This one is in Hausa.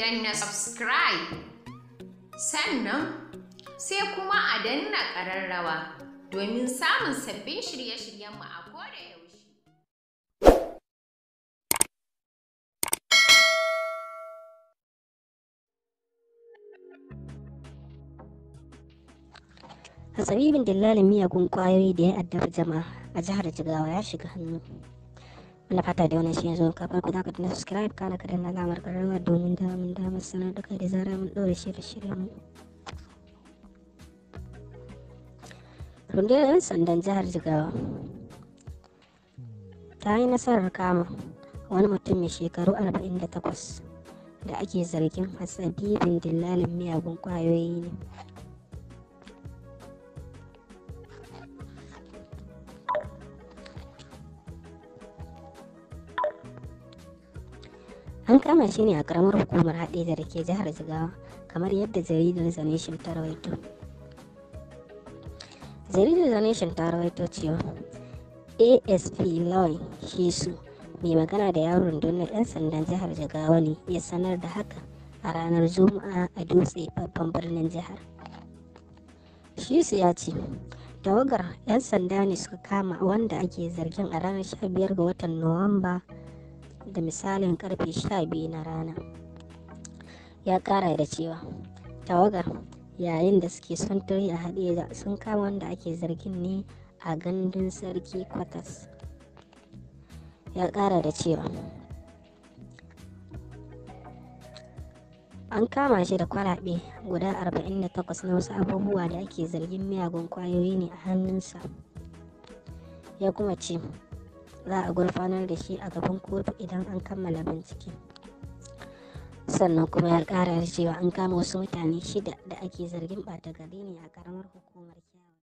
danna subscribe sannan sai kuma a danna ƙararrawa domin samun sabbin shirye-shiryenmu a koda yaushe. bin dillalin miyagun ƙwayoyi da ya addabi jama'a a jihar Jigawa ya shiga hannu. Allah fata da wannan shi yanzu ka farko za ka tuna subscribe kana ka danna alamar karama domin damun damar sanar da kai da zarar mun ɗora shirye mu. rundunar 'yan sandan jihar jigawa ta yi nasarar kama wani mutum mai shekaru 48 da ake zargin hatsabibin dillalin miyagun kwayoyi ne an kama shi ne a karamar hukumar haɗe da ke jihar jigawa kamar yadda jaridar the nation ta rawaito jaridar the ta rawaito cewa asp lawai shesu mai magana da yawon rundunar 'yan sandan jihar jigawa ne ya sanar da haka a ranar juma'a a dutse babban birnin jihar shesu ya ce tawagar 'yan sanda ne suka kama wanda ake zargin a ranar 15 ga watan nuwamba da misalin karfe 12 na rana ya kara da cewa tawagar yayin da suke santiri a da sun kama wanda ake zargin ne a gandun sarki kwatas ya kara da cewa an kama shi da kwalabe guda 48 na wasu abubuwa da ake zargin miyagun kwayoyi ne a hannunsa ya kuma ce za a gurfanar da shi a gaban kotu idan an kammala bincike sannan kuma ya kara da cewa an kama wasu mutane shida da ake zargin ɓata gari ne a karamar hukumar